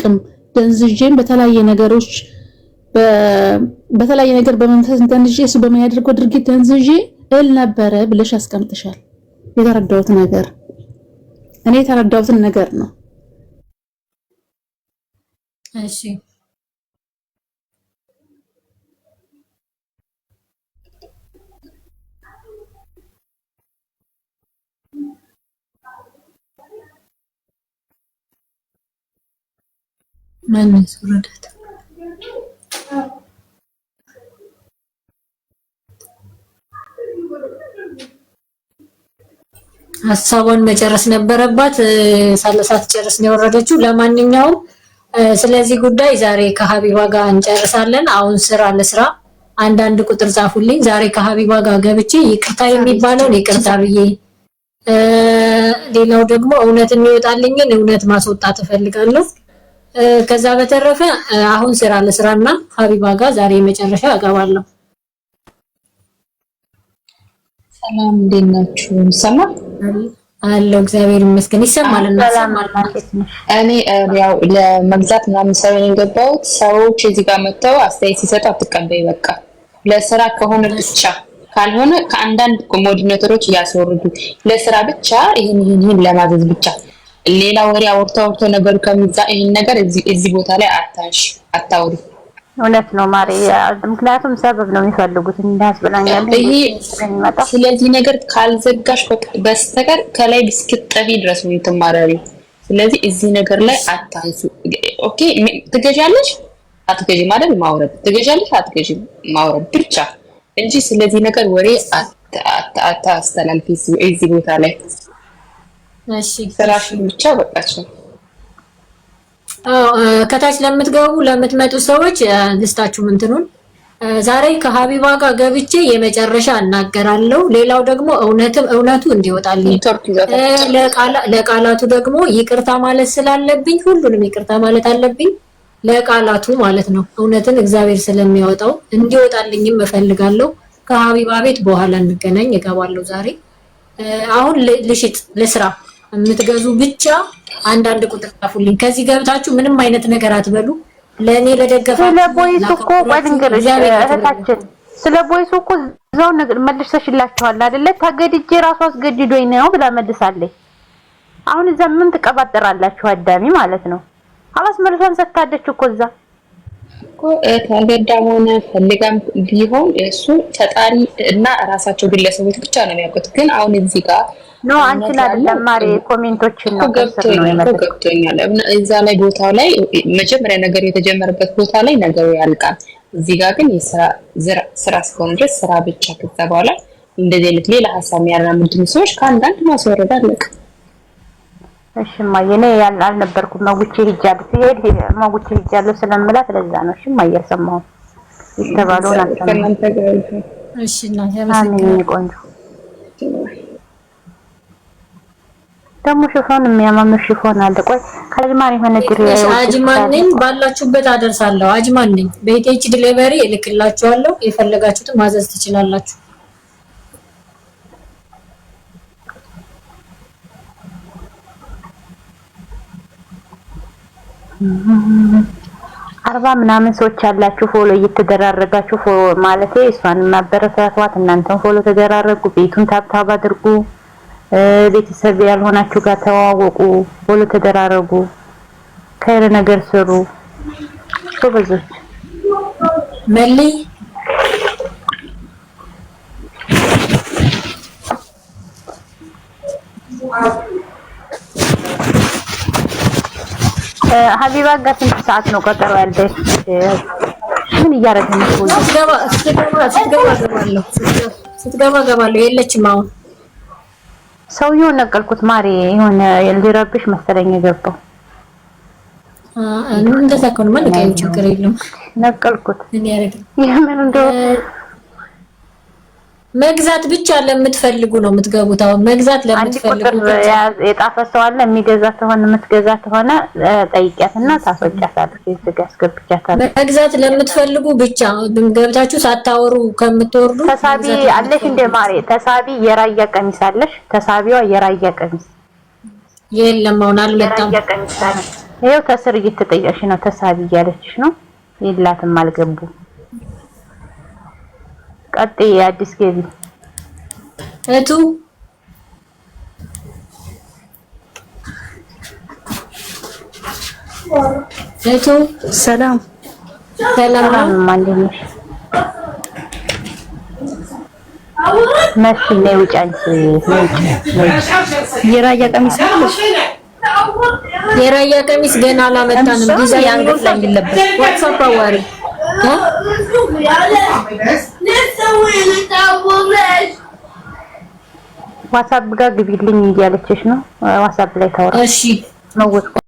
አላቅም ደንዝዤም በተለያየ ነገሮች በተለያየ ነገር በመንፈስ ደንዝዤ እሱ በሚያደርገው ድርጊት ደንዝዤ እል ነበረ ብለሽ አስቀምጥሻል። የተረዳሁት ነገር እኔ የተረዳሁትን ነገር ነው። እሺ ማን ያስወረዳት? ሀሳቧን መጨረስ ነበረባት። ሳለሳት ጨርስ ነው የወረደችው። ለማንኛውም ስለዚህ ጉዳይ ዛሬ ከሀቢባ ጋር እንጨርሳለን። አሁን ስራ ለስራ አንዳንድ ቁጥር ጻፉልኝ። ዛሬ ከሀቢባ ጋር ገብቼ ይቅርታ የሚባለውን ይቅርታ ብዬ፣ ሌላው ደግሞ እውነት የሚወጣልኝን እውነት ማስወጣት እፈልጋለሁ። ከዛ በተረፈ አሁን ስራ ለስራና ሀቢባ ጋር ዛሬ መጨረሻ አገባለሁ። ሰላም እንዴት ናችሁ? ይሰማል አለው። እግዚአብሔር ይመስገን ይሰማል። እኔ ያው ለመግዛት ምናምን ሰው የገባሁት ሰዎች እዚህ ጋር መጥተው አስተያየት ሲሰጡ አትቀበይ። በቃ ለስራ ከሆነ ብቻ ካልሆነ ከአንዳንድ ኮሞዲኔተሮች እያስወርዱ ለስራ ብቻ ይህን ይህን ይህን ለማዘዝ ብቻ ሌላ ወሬ አውርቶ አውርቶ ነገሩ ከሚዛ ይሄን ነገር እዚህ ቦታ ላይ አታሽ አታውሪ። እውነት ነው ማሪ፣ ምክንያቱም ሰበብ ነው የሚፈልጉት እንዳያስብላኛል። ይሄ ስለዚህ ነገር ካልዘጋሽ በስተቀር ከላይ እስክትጠፊ ድረስ ነው የምትማረሪ። ስለዚህ እዚህ ነገር ላይ አታንሱ። ኦኬ ትገዣለሽ አትገዢ ማለት ማውረድ፣ ትገዣለሽ አትገዢ ማውረድ ብቻ እንጂ ስለዚህ ነገር ወሬ አታስተላልፊ እዚህ ቦታ ላይ ስራሽን ብቻ ከታች ለምትገቡ ለምትመጡ ሰዎች ልስታችሁ ምንትኑን ዛሬ ከሀቢባ ጋር ገብቼ የመጨረሻ እናገራለሁ። ሌላው ደግሞ እውነትም እውነቱ እንዲወጣልኝ ለቃላቱ ደግሞ ይቅርታ ማለት ስላለብኝ ሁሉንም ይቅርታ ማለት አለብኝ ለቃላቱ ማለት ነው። እውነትን እግዚአብሔር ስለሚያወጣው እንዲወጣልኝም እፈልጋለሁ። ከሀቢባ ቤት በኋላ እንገናኝ። እገባለሁ ዛሬ። አሁን ልሽጥ፣ ልስራ የምትገዙ ብቻ አንዳንድ ቁጥር ጻፉልኝ። ከዚህ ገብታችሁ ምንም አይነት ነገር አትበሉ። ለእኔ ለደገፋ ስለ ቦይስ እኮ እህታችን፣ ስለ ቦይስ እኮ እዛው ነገር መልሰሽላችኋል አይደለ? ተገድጄ ራሱ አስገድዶኝ ነው ብላ መልሳለች። አሁን እዛ ምን ትቀባጠራላችሁ? አዳሚ ማለት ነው። አላስ መልሷን ሰጥታለች እኮ እዛ ተገዳም ሆነ ፈልጋም ቢሆን እሱ ፈጣሪ እና ራሳቸው ግለሰቦች ብቻ ነው የሚያውቁት። ግን አሁን እዚህ ጋር ኖ አንቺ አይደለም ኮሜንቶችን ነው ገብቶኛል። እዛ ላይ ቦታው ላይ መጀመሪያ ነገር የተጀመረበት ቦታ ላይ ነገሩ ያልቃል። እዚህ ጋር ግን ስራ እስከሆነ ድረስ ስራ ብቻ። ከዛ በኋላ እንደዚህ አይነት ሌላ ሀሳብ የሚያራምዱ ሰዎች ከአንዳንድ ማስወረድ አለቅ እሺ እማዬ እኔ አልነበርኩም መጉቼ ሄጃለሁ ሲሄድ መጉቼ ሄጃለሁ ስለምላት ለዛ ነው። እሺ እማዬ አልሰማሁም የተባለውን አልሰማሁም። እሺ እናቴ ቆንጆ ደግሞ ሽፎን የሚያማምር ሽፎን አለ። ቆይ ከአጅማን የሆነ ድሬ አጅማን ነኝ ባላችሁበት አደርሳለሁ። አጅማን ነኝ በኢቲኤች ዲሊቨሪ እልክላችኋለሁ። የፈለጋችሁትን ማዘዝ ትችላላችሁ። አርባ ምናምን ሰዎች ያላችሁ ፎሎ እየተደራረጋችሁ ፎሎ ማለት እሷን ማበረታቷት፣ እናንተን ፎሎ ተደራረጉ፣ ቤቱን ታብታብ አድርጉ፣ ቤተሰብ ያልሆናችሁ ጋር ተዋወቁ፣ ፎሎ ተደራረጉ፣ ከይረ ነገር ስሩ። ጎበዞች መልይ ሀቢባ ጋር ስንት ሰዓት ነው ቀጠሮ ያለሽ? ምን እያደረገ ነው? ስትገባ እገባለሁ፣ የለችም አሁን። ሰውዬውን ነቀልኩት ማሪ፣ የሆነ ሊረብሽ መሰለኝ የገባው እንደዛ ከሆነማ ችግር የለውም። ነቀልኩት የምን እንደው መግዛት ብቻ ለምትፈልጉ ነው የምትገቡት። አሁን መግዛት ለምትፈልጉ የጣፈ ሰው አለ የሚገዛ ተሆነ የምትገዛ ተሆነ ጠይቂያትና ታስወጫታለች። እዚህ ጋር አስገብቻታለሁ። መግዛት ለምትፈልጉ ብቻ ገብታችሁ ሳታወሩ ከምትወርዱ ተሳቢ አለሽ። እንደ ማሬ ተሳቢ የራያ ቀሚስ አለሽ። ተሳቢዋ የራያ ቀሚስ የለም አሁን አልመጣም። ይኸው ተስር እየተጠየቅሽ ነው። ተሳቢ እያለችሽ ነው። የላትም አልገቡም ቀጥዬ አዲስ ገቢ እቱ እቱ ሰላም ሰላም ማንደነሽ መስ ውጭ አንቺ የራያ ቀሚስ አለሽ? የራያ ቀሚስ ገና አላመጣንም። ዲዛይን አንገት ላይ እንለበስ ዋትስአፕ አዋሪ ዋትሳፕ ጋር ግቢልኝ እያለችሽ ነው። ዋትሳፕ ላይ ታወራ። እሺ